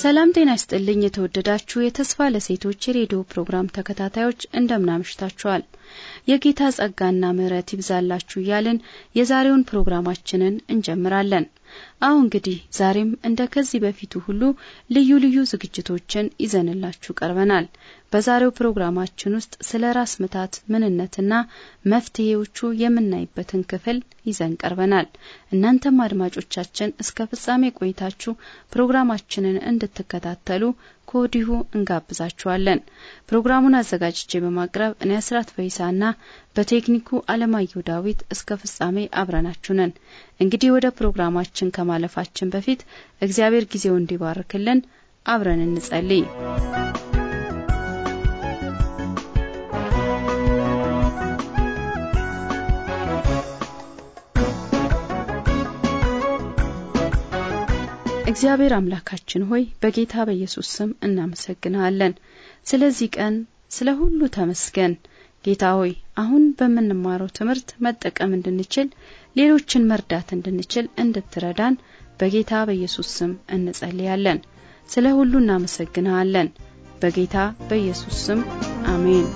ሰላም ጤና ይስጥልኝ። የተወደዳችሁ የተስፋ ለሴቶች የሬዲዮ ፕሮግራም ተከታታዮች እንደምናምሽታችኋል። የጌታ ጸጋና ምሕረት ይብዛላችሁ እያልን የዛሬውን ፕሮግራማችንን እንጀምራለን። አሁ እንግዲህ ዛሬም እንደ ከዚህ በፊቱ ሁሉ ልዩ ልዩ ዝግጅቶችን ይዘንላችሁ ቀርበናል። በዛሬው ፕሮግራማችን ውስጥ ስለ ራስ ምታት ምንነትና መፍትሄዎቹ የምናይበትን ክፍል ይዘን ቀርበናል። እናንተም አድማጮቻችን እስከ ፍጻሜ ቆይታችሁ ፕሮግራማችንን እንድትከታተሉ ከወዲሁ እንጋብዛችኋለን። ፕሮግራሙን አዘጋጅቼ በማቅረብ እኔ አስራት ፈይሳና በቴክኒኩ አለማየሁ ዳዊት እስከ ፍጻሜ አብረናችሁ ነን። እንግዲህ ወደ ፕሮግራማችን ከማለፋችን በፊት እግዚአብሔር ጊዜው እንዲባርክልን አብረን እንጸልይ። እግዚአብሔር አምላካችን ሆይ በጌታ በኢየሱስ ስም እናመሰግናለን። ስለዚህ ቀን ስለ ሁሉ ተመስገን። ጌታ ሆይ አሁን በምንማረው ትምህርት መጠቀም እንድንችል፣ ሌሎችን መርዳት እንድንችል እንድትረዳን በጌታ በኢየሱስ ስም እንጸልያለን። ስለ ሁሉ እናመሰግናለን። በጌታ በኢየሱስ ስም አሜን።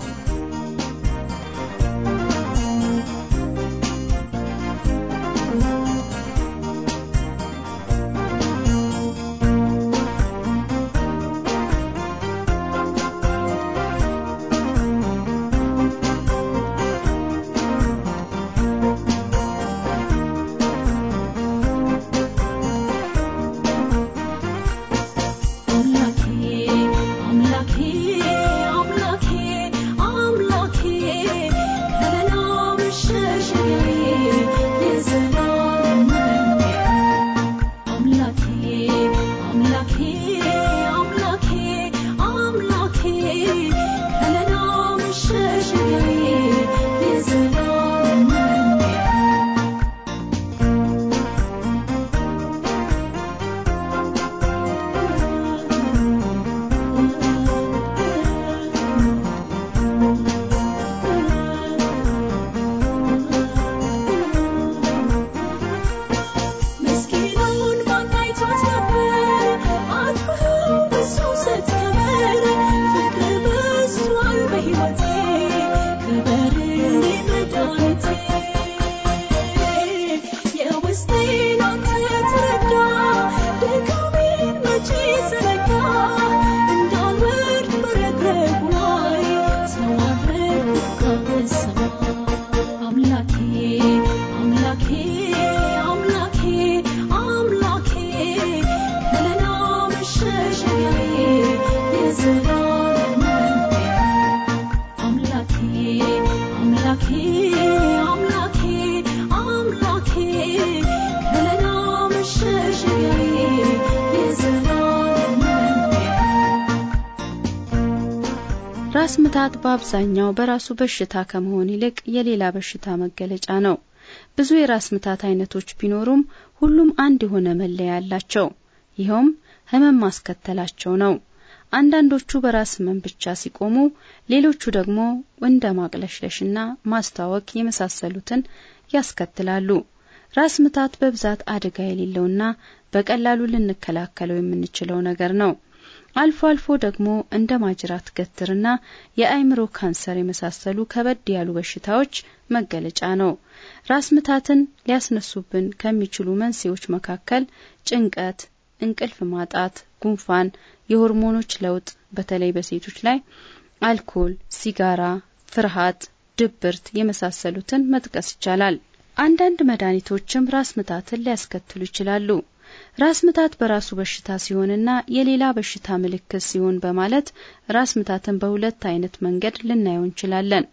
ራስ ምታት በአብዛኛው በራሱ በሽታ ከመሆን ይልቅ የሌላ በሽታ መገለጫ ነው። ብዙ የራስ ምታት አይነቶች ቢኖሩም ሁሉም አንድ የሆነ መለያ ያላቸው ይኸውም ህመም ማስከተላቸው ነው። አንዳንዶቹ በራስ መን ብቻ ሲቆሙ፣ ሌሎቹ ደግሞ እንደ ማቅለሽለሽና ማስታወክ የመሳሰሉትን ያስከትላሉ። ራስ ምታት በብዛት አደጋ የሌለውና በቀላሉ ልንከላከለው የምንችለው ነገር ነው። አልፎ አልፎ ደግሞ እንደ ማጅራት ገትርና የአይምሮ ካንሰር የመሳሰሉ ከበድ ያሉ በሽታዎች መገለጫ ነው። ራስ ምታትን ሊያስነሱብን ከሚችሉ መንስኤዎች መካከል ጭንቀት፣ እንቅልፍ ማጣት፣ ጉንፋን፣ የሆርሞኖች ለውጥ በተለይ በሴቶች ላይ አልኮል፣ ሲጋራ፣ ፍርሃት፣ ድብርት የመሳሰሉትን መጥቀስ ይቻላል። አንዳንድ መድኃኒቶችም ራስ ምታትን ሊያስከትሉ ይችላሉ። ራስ ምታት በራሱ በሽታ ሲሆንና የሌላ በሽታ ምልክት ሲሆን በማለት ራስ ምታትን በሁለት አይነት መንገድ ልናየው እንችላለን።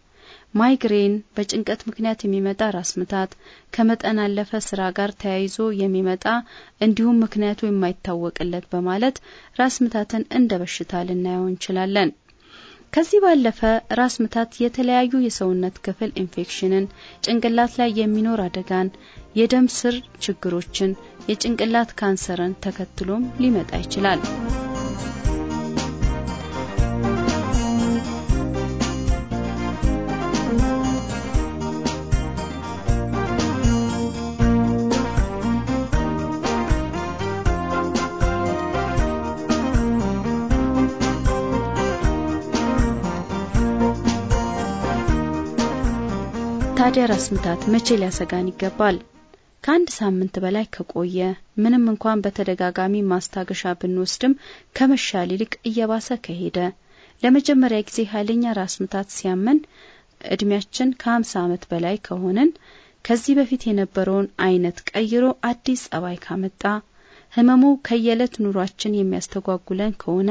ማይግሬን በጭንቀት ምክንያት የሚመጣ ራስ ምታት፣ ከመጠን አለፈ ስራ ጋር ተያይዞ የሚመጣ እንዲሁም ምክንያቱ የማይታወቅለት በማለት ራስ ምታትን እንደ በሽታ ልናየው እንችላለን። ከዚህ ባለፈ ራስ ምታት የተለያዩ የሰውነት ክፍል ኢንፌክሽንን፣ ጭንቅላት ላይ የሚኖር አደጋን፣ የደም ስር ችግሮችን፣ የጭንቅላት ካንሰርን ተከትሎም ሊመጣ ይችላል። ታዲያ ራስ ምታት መቼ ሊያሰጋን ይገባል? ከአንድ ሳምንት በላይ ከቆየ ምንም እንኳን በተደጋጋሚ ማስታገሻ ብንወስድም ከመሻል ይልቅ እየባሰ ከሄደ ለመጀመሪያ ጊዜ ኃይለኛ ራስ ምታት ሲያመን እድሜያችን ከ50 ዓመት በላይ ከሆንን ከዚህ በፊት የነበረውን አይነት ቀይሮ አዲስ ጸባይ ካመጣ ህመሙ ከየዕለት ኑሯችን የሚያስተጓጉለን ከሆነ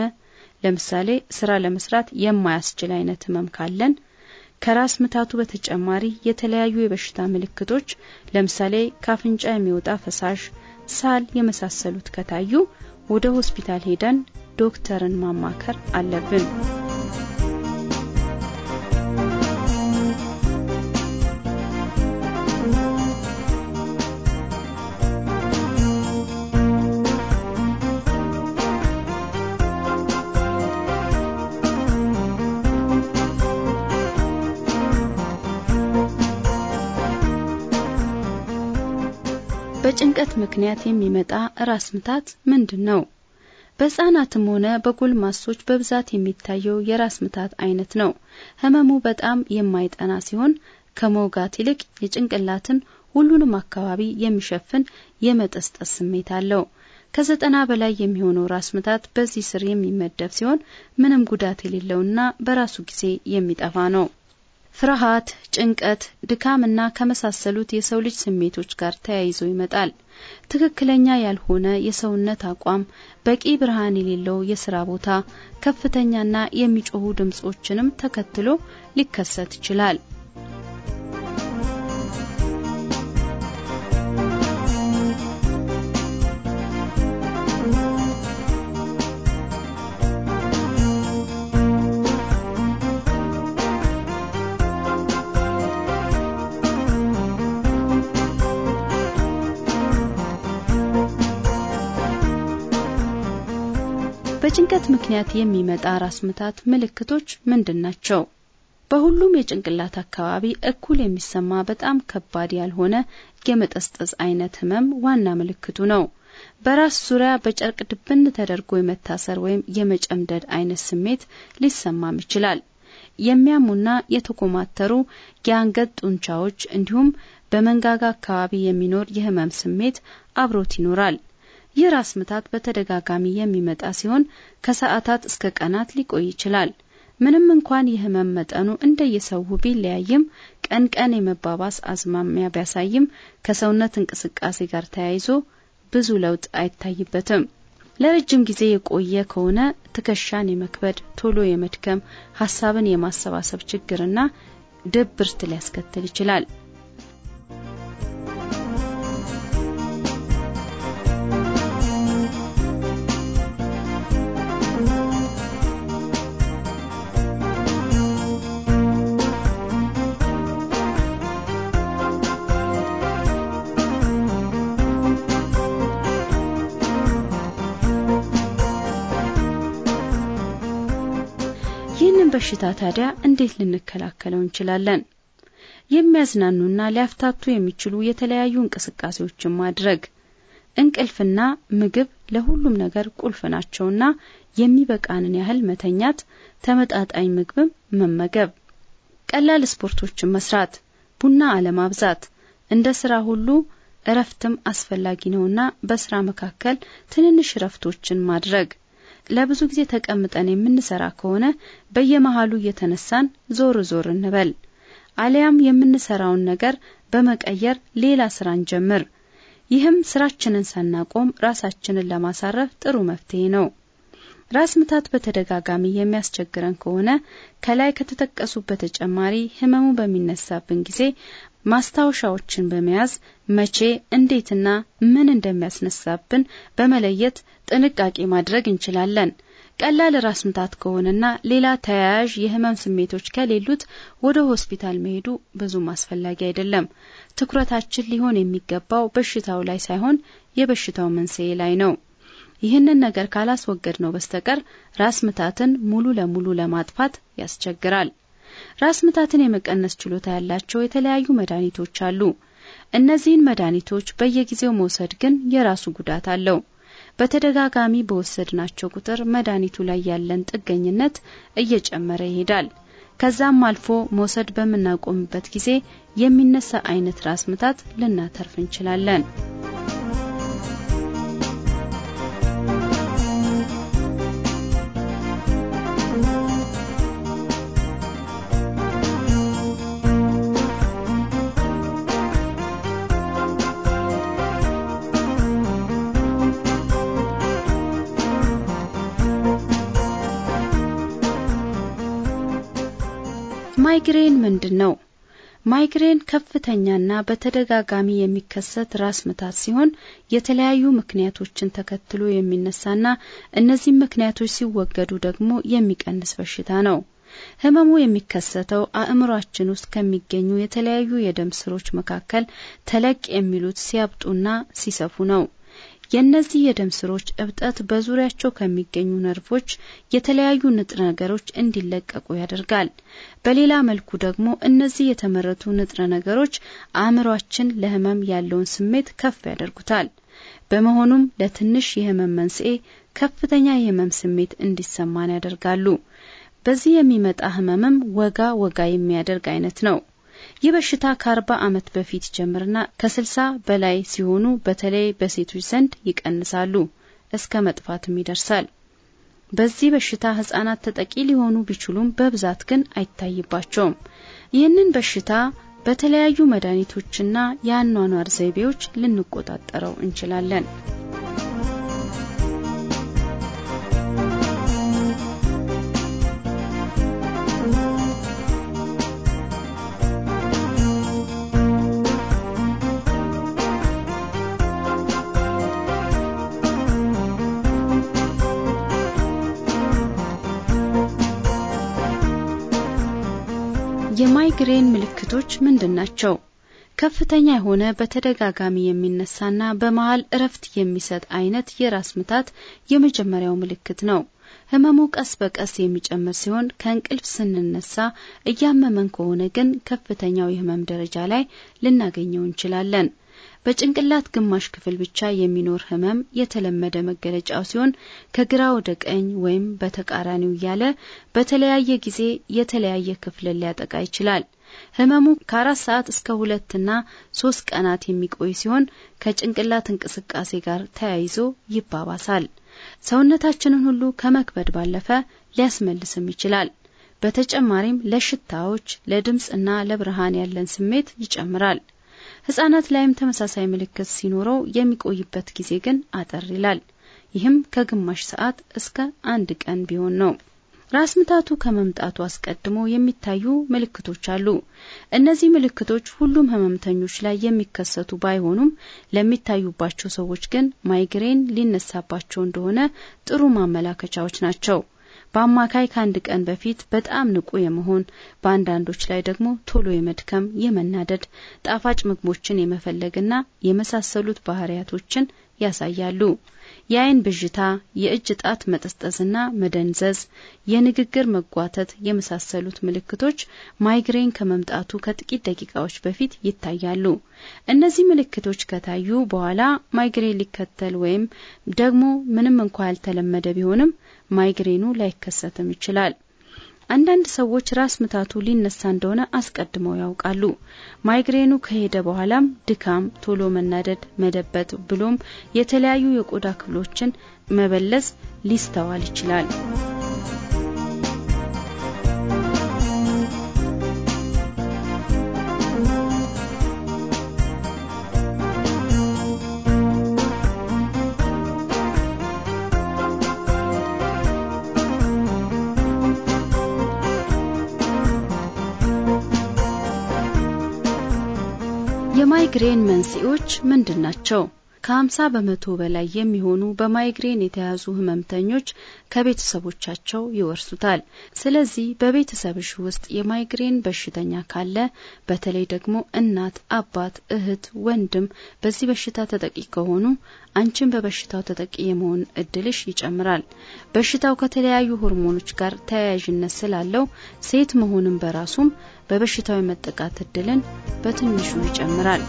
ለምሳሌ ስራ ለመስራት የማያስችል አይነት ህመም ካለን ከራስ ምታቱ በተጨማሪ የተለያዩ የበሽታ ምልክቶች ለምሳሌ ካፍንጫ የሚወጣ ፈሳሽ፣ ሳል የመሳሰሉት ከታዩ ወደ ሆስፒታል ሄደን ዶክተርን ማማከር አለብን። በጭንቀት ምክንያት የሚመጣ ራስ ምታት ምንድን ነው? በህጻናትም ሆነ በጎልማሶች በብዛት የሚታየው የራስ ምታት አይነት ነው። ህመሙ በጣም የማይጠና ሲሆን ከመውጋት ይልቅ የጭንቅላትን ሁሉንም አካባቢ የሚሸፍን የመጠስጠስ ስሜት አለው። ከዘጠና በላይ የሚሆነው ራስ ምታት በዚህ ስር የሚመደብ ሲሆን ምንም ጉዳት የሌለውና በራሱ ጊዜ የሚጠፋ ነው። ፍርሃት፣ ጭንቀት፣ ድካምና ከመሳሰሉት የሰው ልጅ ስሜቶች ጋር ተያይዞ ይመጣል። ትክክለኛ ያልሆነ የሰውነት አቋም፣ በቂ ብርሃን የሌለው የስራ ቦታ፣ ከፍተኛና የሚጮሁ ድምጾችንም ተከትሎ ሊከሰት ይችላል። ምክንያት የሚመጣ ራስ ምታት ምልክቶች ምንድን ናቸው? በሁሉም የጭንቅላት አካባቢ እኩል የሚሰማ በጣም ከባድ ያልሆነ የመጠስጠስ አይነት ህመም ዋና ምልክቱ ነው። በራስ ዙሪያ በጨርቅ ድብን ተደርጎ የመታሰር ወይም የመጨምደድ አይነት ስሜት ሊሰማም ይችላል። የሚያሙና የተኮማተሩ የአንገት ጡንቻዎች እንዲሁም በመንጋጋ አካባቢ የሚኖር የህመም ስሜት አብሮት ይኖራል። ይህ ራስ ምታት በተደጋጋሚ የሚመጣ ሲሆን ከሰዓታት እስከ ቀናት ሊቆይ ይችላል። ምንም እንኳን የህመም መጠኑ እንደየሰው ቢለያይም ቀን ቀን የመባባስ አዝማሚያ ቢያሳይም ከሰውነት እንቅስቃሴ ጋር ተያይዞ ብዙ ለውጥ አይታይበትም። ለረጅም ጊዜ የቆየ ከሆነ ትከሻን የመክበድ፣ ቶሎ የመድከም፣ ሀሳብን የማሰባሰብ ችግርና ድብርት ሊያስከትል ይችላል። ይህን በሽታ ታዲያ እንዴት ልንከላከለው እንችላለን? የሚያዝናኑና ሊያፍታቱ የሚችሉ የተለያዩ እንቅስቃሴዎችን ማድረግ። እንቅልፍና ምግብ ለሁሉም ነገር ቁልፍ ናቸውና የሚበቃንን ያህል መተኛት፣ ተመጣጣኝ ምግብም መመገብ፣ ቀላል ስፖርቶችን መስራት፣ ቡና አለማብዛት፣ እንደ ስራ ሁሉ እረፍትም አስፈላጊ ነውና በስራ መካከል ትንንሽ እረፍቶችን ማድረግ ለብዙ ጊዜ ተቀምጠን የምንሰራ ከሆነ በየመሃሉ እየተነሳን ዞር ዞር እንበል። አሊያም የምንሰራውን ነገር በመቀየር ሌላ ስራን ጀምር። ይህም ስራችንን ሳናቆም ራሳችንን ለማሳረፍ ጥሩ መፍትሄ ነው። ራስ ምታት በተደጋጋሚ የሚያስቸግረን ከሆነ ከላይ ከተጠቀሱ በተጨማሪ ህመሙ በሚነሳብን ጊዜ ማስታወሻዎችን በመያዝ መቼ እንዴትና ምን እንደሚያስነሳብን በመለየት ጥንቃቄ ማድረግ እንችላለን። ቀላል ራስ ምታት ከሆነና ሌላ ተያያዥ የህመም ስሜቶች ከሌሉት ወደ ሆስፒታል መሄዱ ብዙም አስፈላጊ አይደለም። ትኩረታችን ሊሆን የሚገባው በሽታው ላይ ሳይሆን የበሽታው መንስኤ ላይ ነው። ይህንን ነገር ካላስወገድ ነው በስተቀር ራስ ምታትን ሙሉ ለሙሉ ለማጥፋት ያስቸግራል። ራስ ምታትን የመቀነስ ችሎታ ያላቸው የተለያዩ መድኃኒቶች አሉ። እነዚህን መድኃኒቶች በየጊዜው መውሰድ ግን የራሱ ጉዳት አለው። በተደጋጋሚ በወሰድናቸው ቁጥር መድኃኒቱ ላይ ያለን ጥገኝነት እየጨመረ ይሄዳል። ከዛም አልፎ መውሰድ በምናቆምበት ጊዜ የሚነሳ አይነት ራስ ምታት ልናተርፍ እንችላለን። ማይግሬን ምንድን ነው? ማይግሬን ከፍተኛና በተደጋጋሚ የሚከሰት ራስ ምታት ሲሆን የተለያዩ ምክንያቶችን ተከትሎ የሚነሳና እነዚህ ምክንያቶች ሲወገዱ ደግሞ የሚቀንስ በሽታ ነው። ህመሙ የሚከሰተው አእምሯችን ውስጥ ከሚገኙ የተለያዩ የደም ስሮች መካከል ተለቅ የሚሉት ሲያብጡና ሲሰፉ ነው። የእነዚህ የደም ስሮች እብጠት በዙሪያቸው ከሚገኙ ነርቮች የተለያዩ ንጥረ ነገሮች እንዲለቀቁ ያደርጋል። በሌላ መልኩ ደግሞ እነዚህ የተመረቱ ንጥረ ነገሮች አእምሯችን ለህመም ያለውን ስሜት ከፍ ያደርጉታል። በመሆኑም ለትንሽ የህመም መንስኤ ከፍተኛ የህመም ስሜት እንዲሰማን ያደርጋሉ። በዚህ የሚመጣ ህመምም ወጋ ወጋ የሚያደርግ አይነት ነው። ይህ በሽታ ከአርባ ዓመት በፊት ጀምርና ከስልሳ በላይ ሲሆኑ በተለይ በሴቶች ዘንድ ይቀንሳሉ እስከ መጥፋትም ይደርሳል። በዚህ በሽታ ህጻናት ተጠቂ ሊሆኑ ቢችሉም በብዛት ግን አይታይባቸውም። ይህንን በሽታ በተለያዩ መድኃኒቶችና የአኗኗር ዘይቤዎች ልንቆጣጠረው እንችላለን። የማይግሬን ምልክቶች ምንድን ናቸው? ከፍተኛ የሆነ በተደጋጋሚ የሚነሳና በመሃል እረፍት የሚሰጥ አይነት የራስ ምታት የመጀመሪያው ምልክት ነው። ህመሙ ቀስ በቀስ የሚጨምር ሲሆን ከእንቅልፍ ስንነሳ እያመመን ከሆነ ግን ከፍተኛው የህመም ደረጃ ላይ ልናገኘው እንችላለን። በጭንቅላት ግማሽ ክፍል ብቻ የሚኖር ህመም የተለመደ መገለጫው ሲሆን ከግራ ወደ ቀኝ ወይም በተቃራኒው እያለ በተለያየ ጊዜ የተለያየ ክፍልን ሊያጠቃ ይችላል። ህመሙ ከአራት ሰዓት እስከ ሁለትና ሶስት ቀናት የሚቆይ ሲሆን ከጭንቅላት እንቅስቃሴ ጋር ተያይዞ ይባባሳል። ሰውነታችንን ሁሉ ከመክበድ ባለፈ ሊያስመልስም ይችላል። በተጨማሪም ለሽታዎች፣ ለድምፅና ለብርሃን ያለን ስሜት ይጨምራል። ህጻናት ላይም ተመሳሳይ ምልክት ሲኖረው የሚቆይበት ጊዜ ግን አጠር ይላል። ይህም ከግማሽ ሰዓት እስከ አንድ ቀን ቢሆን ነው። ራስ ምታቱ ከመምጣቱ አስቀድሞ የሚታዩ ምልክቶች አሉ። እነዚህ ምልክቶች ሁሉም ህመምተኞች ላይ የሚከሰቱ ባይሆኑም ለሚታዩባቸው ሰዎች ግን ማይግሬን ሊነሳባቸው እንደሆነ ጥሩ ማመላከቻዎች ናቸው። በአማካይ ከአንድ ቀን በፊት በጣም ንቁ የመሆን በአንዳንዶች ላይ ደግሞ ቶሎ የመድከም የመናደድ ጣፋጭ ምግቦችን የመፈለግና የመሳሰሉት ባህሪያቶችን ያሳያሉ። የአይን ብዥታ፣ የእጅ ጣት መጠስጠስና መደንዘዝ፣ የንግግር መጓተት የመሳሰሉት ምልክቶች ማይግሬን ከመምጣቱ ከጥቂት ደቂቃዎች በፊት ይታያሉ። እነዚህ ምልክቶች ከታዩ በኋላ ማይግሬን ሊከተል ወይም ደግሞ ምንም እንኳ ያልተለመደ ቢሆንም ማይግሬኑ ላይከሰትም ይችላል። አንዳንድ ሰዎች ራስ ምታቱ ሊነሳ እንደሆነ አስቀድመው ያውቃሉ። ማይግሬኑ ከሄደ በኋላም ድካም፣ ቶሎ መናደድ፣ መደበት ብሎም የተለያዩ የቆዳ ክፍሎችን መበለስ ሊስተዋል ይችላል። የማይግሬን መንስኤዎች ምንድን ናቸው? ከ50 በመቶ በላይ የሚሆኑ በማይግሬን የተያዙ ህመምተኞች ከቤተሰቦቻቸው ይወርሱታል። ስለዚህ በቤተሰብሽ ውስጥ የማይግሬን በሽተኛ ካለ በተለይ ደግሞ እናት፣ አባት፣ እህት፣ ወንድም በዚህ በሽታ ተጠቂ ከሆኑ አንቺን በበሽታው ተጠቂ የመሆን እድልሽ ይጨምራል። በሽታው ከተለያዩ ሆርሞኖች ጋር ተያያዥነት ስላለው ሴት መሆንም በራሱም በበሽታው የመጠቃት እድልን በትንሹ ይጨምራል።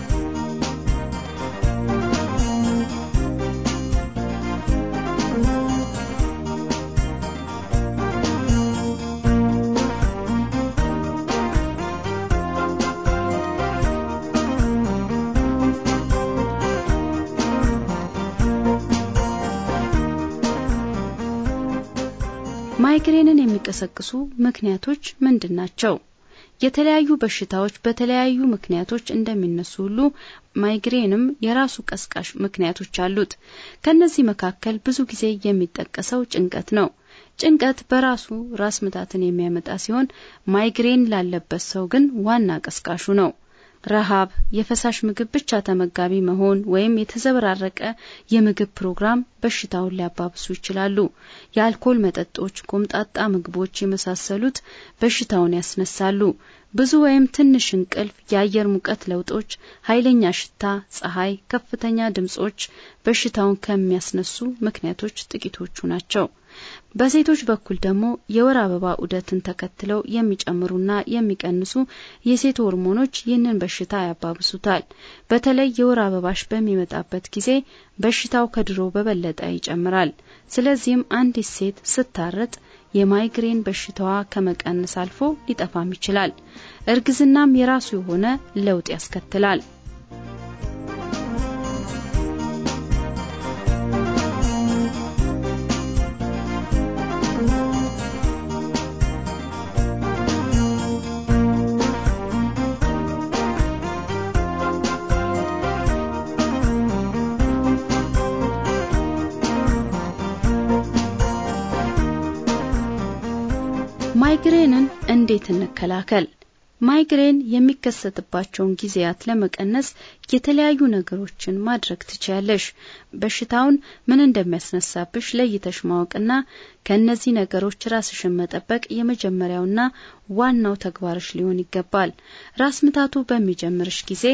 ማይግሬንን የሚቀሰቅሱ ምክንያቶች ምንድን ናቸው? የተለያዩ በሽታዎች በተለያዩ ምክንያቶች እንደሚነሱ ሁሉ ማይግሬንም የራሱ ቀስቃሽ ምክንያቶች አሉት። ከነዚህ መካከል ብዙ ጊዜ የሚጠቀሰው ጭንቀት ነው። ጭንቀት በራሱ ራስ ምታትን የሚያመጣ ሲሆን ማይግሬን ላለበት ሰው ግን ዋና ቀስቃሹ ነው። ረሃብ፣ የፈሳሽ ምግብ ብቻ ተመጋቢ መሆን ወይም የተዘበራረቀ የምግብ ፕሮግራም በሽታውን ሊያባብሱ ይችላሉ። የአልኮል መጠጦች፣ ቆምጣጣ ምግቦች የመሳሰሉት በሽታውን ያስነሳሉ። ብዙ ወይም ትንሽ እንቅልፍ፣ የአየር ሙቀት ለውጦች፣ ኃይለኛ ሽታ፣ ፀሐይ፣ ከፍተኛ ድምጾች በሽታውን ከሚያስነሱ ምክንያቶች ጥቂቶቹ ናቸው። በሴቶች በኩል ደግሞ የወር አበባ ዑደትን ተከትለው የሚጨምሩና የሚቀንሱ የሴት ሆርሞኖች ይህንን በሽታ ያባብሱታል። በተለይ የወር አበባሽ በሚመጣበት ጊዜ በሽታው ከድሮ በበለጠ ይጨምራል። ስለዚህም አንዲት ሴት ስታረጥ የማይግሬን በሽታዋ ከመቀነስ አልፎ ሊጠፋም ይችላል። እርግዝናም የራሱ የሆነ ለውጥ ያስከትላል። ማይግሬንን እንዴት እንከላከል? ማይግሬን የሚከሰትባቸውን ጊዜያት ለመቀነስ የተለያዩ ነገሮችን ማድረግ ትችያለሽ። በሽታውን ምን እንደሚያስነሳብሽ ለይተሽ ማወቅና ከእነዚህ ነገሮች ራስሽን መጠበቅ የመጀመሪያውና ዋናው ተግባርሽ ሊሆን ይገባል። ራስ ምታቱ በሚጀምርሽ ጊዜ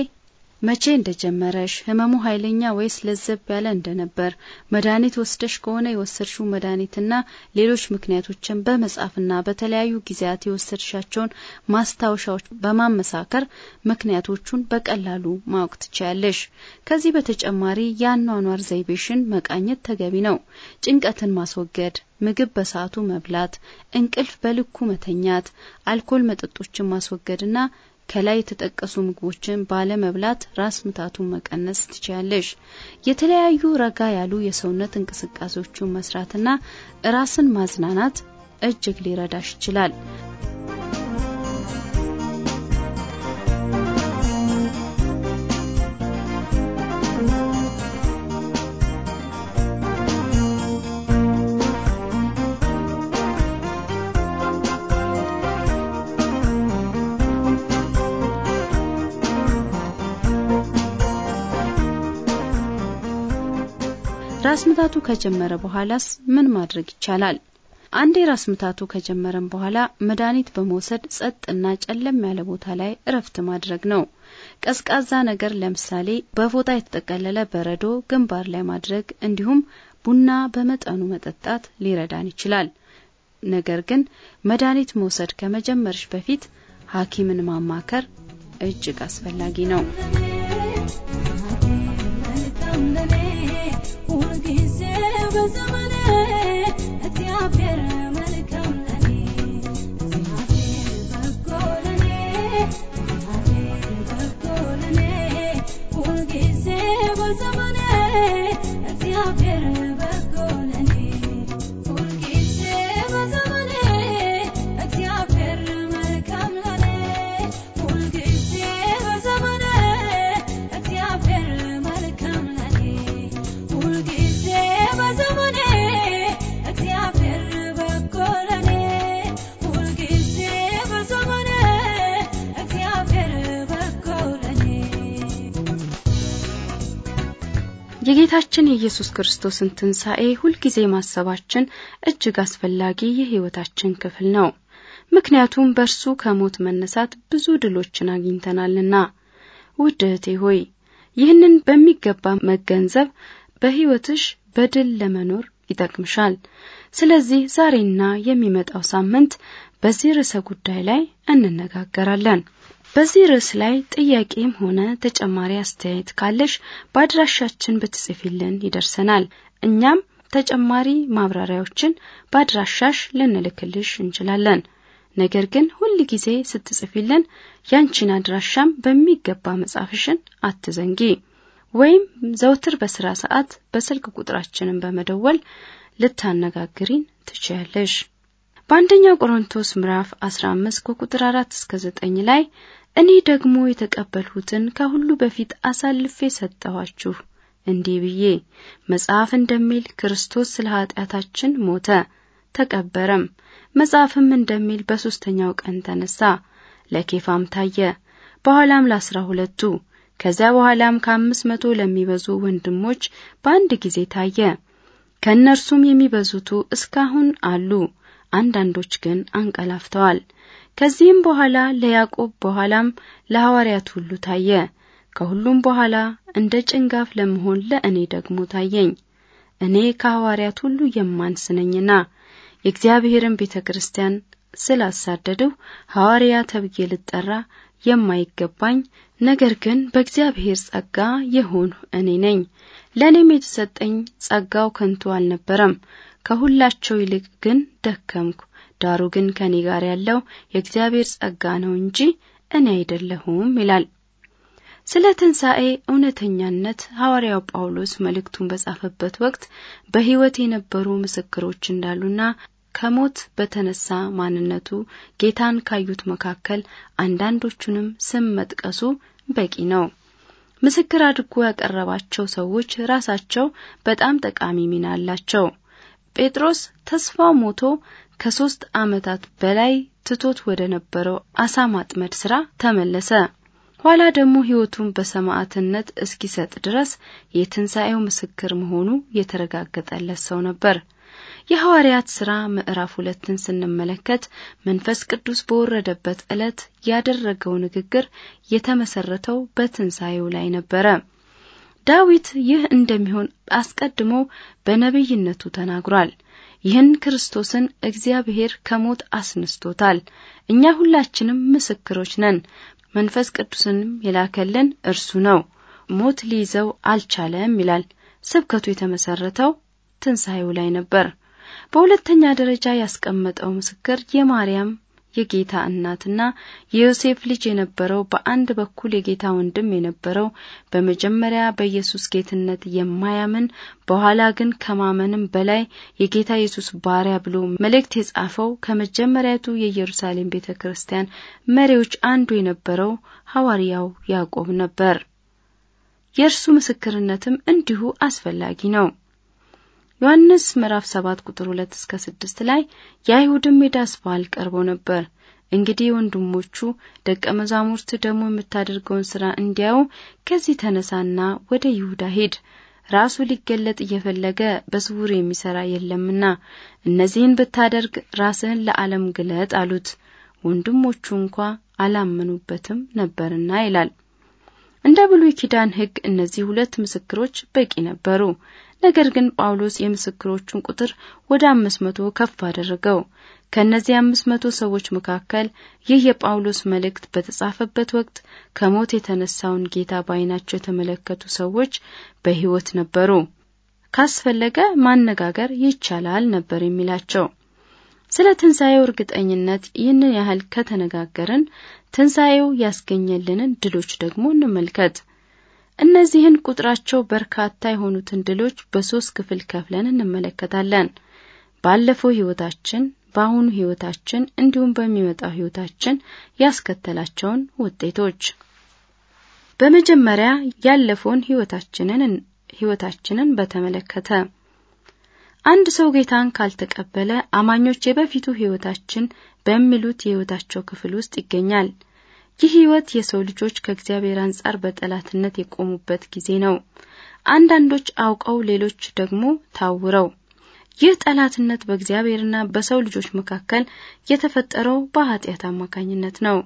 መቼ እንደጀመረሽ ህመሙ ኃይለኛ ወይስ ለዘብ ያለ እንደነበር መድኃኒት ወስደሽ ከሆነ የወሰድሽው መድኃኒትና ሌሎች ምክንያቶችን በመጻፍና በተለያዩ ጊዜያት የወሰድሻቸውን ማስታወሻዎች በማመሳከር ምክንያቶቹን በቀላሉ ማወቅ ትችያለሽ። ከዚህ በተጨማሪ የአኗኗር ዘይቤሽን መቃኘት ተገቢ ነው። ጭንቀትን ማስወገድ፣ ምግብ በሰዓቱ መብላት፣ እንቅልፍ በልኩ መተኛት፣ አልኮል መጠጦችን ማስወገድና ከላይ የተጠቀሱ ምግቦችን ባለመብላት ራስ ምታቱን መቀነስ ትችያለሽ። የተለያዩ ረጋ ያሉ የሰውነት እንቅስቃሴዎችን መስራትና ራስን ማዝናናት እጅግ ሊረዳሽ ይችላል። ራስ ምታቱ ከጀመረ በኋላስ ምን ማድረግ ይቻላል? አንዴ ራስ ምታቱ ከጀመረም በኋላ መድኃኒት በመውሰድ ጸጥና ጨለም ያለ ቦታ ላይ እረፍት ማድረግ ነው። ቀዝቃዛ ነገር ለምሳሌ በፎጣ የተጠቀለለ በረዶ ግንባር ላይ ማድረግ እንዲሁም ቡና በመጠኑ መጠጣት ሊረዳን ይችላል። ነገር ግን መድኃኒት መውሰድ ከመጀመርሽ በፊት ሐኪምን ማማከር እጅግ አስፈላጊ ነው። የኢየሱስ ክርስቶስን ትንሣኤ ሁልጊዜ ማሰባችን እጅግ አስፈላጊ የሕይወታችን ክፍል ነው። ምክንያቱም በእርሱ ከሞት መነሳት ብዙ ድሎችን አግኝተናልና። ውድ እህቴ ሆይ ይህንን በሚገባ መገንዘብ በሕይወትሽ በድል ለመኖር ይጠቅምሻል። ስለዚህ ዛሬና የሚመጣው ሳምንት በዚህ ርዕሰ ጉዳይ ላይ እንነጋገራለን። በዚህ ርዕስ ላይ ጥያቄም ሆነ ተጨማሪ አስተያየት ካለሽ በአድራሻችን ብትጽፊልን ይደርሰናል። እኛም ተጨማሪ ማብራሪያዎችን በአድራሻሽ ልንልክልሽ እንችላለን። ነገር ግን ሁል ጊዜ ስትጽፊልን ያንቺን አድራሻም በሚገባ መጻፍሽን አትዘንጊ። ወይም ዘውትር በስራ ሰዓት በስልክ ቁጥራችንን በመደወል ልታነጋግሪን ትችያለሽ። በአንደኛው ቆሮንቶስ ምዕራፍ 15 ከቁጥር 4 እስከ 9 ላይ እኔ ደግሞ የተቀበልሁትን ከሁሉ በፊት አሳልፌ ሰጠኋችሁ እንዲህ ብዬ መጽሐፍ እንደሚል ክርስቶስ ስለ ኃጢአታችን ሞተ፣ ተቀበረም፣ መጽሐፍም እንደሚል በሦስተኛው ቀን ተነሳ፣ ለኬፋም ታየ፣ በኋላም ለአስራ ሁለቱ ከዚያ በኋላም ከአምስት መቶ ለሚበዙ ወንድሞች በአንድ ጊዜ ታየ። ከእነርሱም የሚበዙቱ እስካሁን አሉ። አንዳንዶች ግን አንቀላፍተዋል። ከዚህም በኋላ ለያዕቆብ በኋላም ለሐዋርያት ሁሉ ታየ። ከሁሉም በኋላ እንደ ጭንጋፍ ለመሆን ለእኔ ደግሞ ታየኝ። እኔ ከሐዋርያት ሁሉ የማንስ ነኝና የእግዚአብሔርን ቤተ ክርስቲያን ስላሳደድሁ ሐዋርያ ተብዬ ልጠራ የማይገባኝ ነገር ግን በእግዚአብሔር ጸጋ የሆንሁ እኔ ነኝ። ለእኔም የተሰጠኝ ጸጋው ከንቱ አልነበረም። ከሁላቸው ይልቅ ግን ደከምኩ። ዳሩ ግን ከኔ ጋር ያለው የእግዚአብሔር ጸጋ ነው እንጂ እኔ አይደለሁም ይላል። ስለ ትንሣኤ እውነተኛነት ሐዋርያው ጳውሎስ መልእክቱን በጻፈበት ወቅት በሕይወት የነበሩ ምስክሮች እንዳሉና ከሞት በተነሳ ማንነቱ ጌታን ካዩት መካከል አንዳንዶቹንም ስም መጥቀሱ በቂ ነው። ምስክር አድርጎ ያቀረባቸው ሰዎች ራሳቸው በጣም ጠቃሚ ሚና አላቸው። ጴጥሮስ ተስፋው ሞቶ ከሦስት ዓመታት በላይ ትቶት ወደ ነበረው አሳ ማጥመድ ሥራ ተመለሰ። ኋላ ደግሞ ሕይወቱን በሰማዕትነት እስኪሰጥ ድረስ የትንሣኤው ምስክር መሆኑ የተረጋገጠለት ሰው ነበር። የሐዋርያት ሥራ ምዕራፍ ሁለትን ስንመለከት መንፈስ ቅዱስ በወረደበት ዕለት ያደረገው ንግግር የተመሠረተው በትንሣኤው ላይ ነበረ። ዳዊት ይህ እንደሚሆን አስቀድሞ በነቢይነቱ ተናግሯል። ይህን ክርስቶስን እግዚአብሔር ከሞት አስነስቶታል። እኛ ሁላችንም ምስክሮች ነን። መንፈስ ቅዱስንም የላከልን እርሱ ነው። ሞት ሊይዘው አልቻለም ይላል። ስብከቱ የተመሰረተው ትንሣኤው ላይ ነበር። በሁለተኛ ደረጃ ያስቀመጠው ምስክር የማርያም የጌታ እናትና የዮሴፍ ልጅ የነበረው በአንድ በኩል የጌታ ወንድም የነበረው በመጀመሪያ በኢየሱስ ጌትነት የማያምን በኋላ ግን ከማመንም በላይ የጌታ ኢየሱስ ባሪያ ብሎ መልእክት የጻፈው ከመጀመሪያቱ የኢየሩሳሌም ቤተ ክርስቲያን መሪዎች አንዱ የነበረው ሐዋርያው ያዕቆብ ነበር። የእርሱ ምስክርነትም እንዲሁ አስፈላጊ ነው። ዮሐንስ ምዕራፍ ሰባት ቁጥር 2 እስከ ስድስት ላይ የአይሁድም የዳስ በዓል ቀርቦ ነበር። እንግዲህ ወንድሞቹ ደቀ መዛሙርት ደግሞ የምታደርገውን ስራ እንዲያዩ ከዚህ ተነሳና ወደ ይሁዳ ሂድ፣ ራሱ ሊገለጥ እየፈለገ በስውር የሚሰራ የለምና እነዚህን ብታደርግ ራስህን ለዓለም ግለጥ አሉት። ወንድሞቹ እንኳ አላመኑበትም ነበርና ይላል። እንደ ብሉይ ኪዳን ሕግ እነዚህ ሁለት ምስክሮች በቂ ነበሩ። ነገር ግን ጳውሎስ የምስክሮቹን ቁጥር ወደ አምስት መቶ ከፍ አደረገው። ከእነዚህ አምስት መቶ ሰዎች መካከል ይህ የጳውሎስ መልእክት በተጻፈበት ወቅት ከሞት የተነሳውን ጌታ በዓይናቸው የተመለከቱ ሰዎች በሕይወት ነበሩ። ካስፈለገ ማነጋገር ይቻላል ነበር የሚላቸው። ስለ ትንሣኤው እርግጠኝነት ይህንን ያህል ከተነጋገርን ትንሣኤው ያስገኘልንን ድሎች ደግሞ እንመልከት። እነዚህን ቁጥራቸው በርካታ የሆኑትን ድሎች በሶስት ክፍል ከፍለን እንመለከታለን። ባለፈው ሕይወታችን፣ በአሁኑ ሕይወታችን እንዲሁም በሚመጣው ሕይወታችን ያስከተላቸውን ውጤቶች። በመጀመሪያ ያለፈውን ሕይወታችንን ሕይወታችንን በተመለከተ አንድ ሰው ጌታን ካልተቀበለ አማኞች የበፊቱ ሕይወታችን በሚሉት የሕይወታቸው ክፍል ውስጥ ይገኛል። ይህ ሕይወት የሰው ልጆች ከእግዚአብሔር አንጻር በጠላትነት የቆሙበት ጊዜ ነው። አንዳንዶች አውቀው፣ ሌሎች ደግሞ ታውረው። ይህ ጠላትነት በእግዚአብሔርና በሰው ልጆች መካከል የተፈጠረው በኃጢአት አማካኝነት ነው።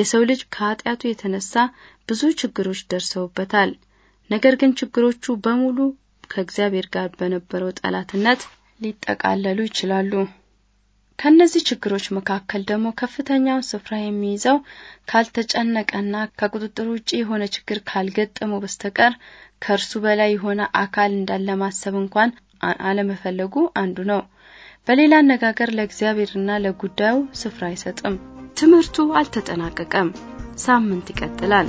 የሰው ልጅ ከኃጢአቱ የተነሳ ብዙ ችግሮች ደርሰውበታል። ነገር ግን ችግሮቹ በሙሉ ከእግዚአብሔር ጋር በነበረው ጠላትነት ሊጠቃለሉ ይችላሉ። ከነዚህ ችግሮች መካከል ደግሞ ከፍተኛውን ስፍራ የሚይዘው ካልተጨነቀና ከቁጥጥር ውጭ የሆነ ችግር ካልገጠመው በስተቀር ከእርሱ በላይ የሆነ አካል እንዳለ ማሰብ እንኳን አለመፈለጉ አንዱ ነው። በሌላ አነጋገር ለእግዚአብሔርና ለጉዳዩ ስፍራ አይሰጥም። ትምህርቱ አልተጠናቀቀም። ሳምንት ይቀጥላል።